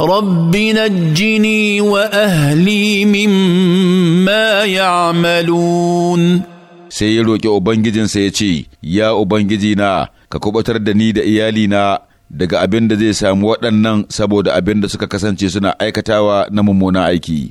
رب نجني واهلي مما يعملون sai ya roƙi Ubangijinsa ya ce, Ya Ubangijina, ka kubatar da ni da iyalina daga abin da zai samu waɗannan saboda abin da suka kasance suna aikatawa na mummunan aiki.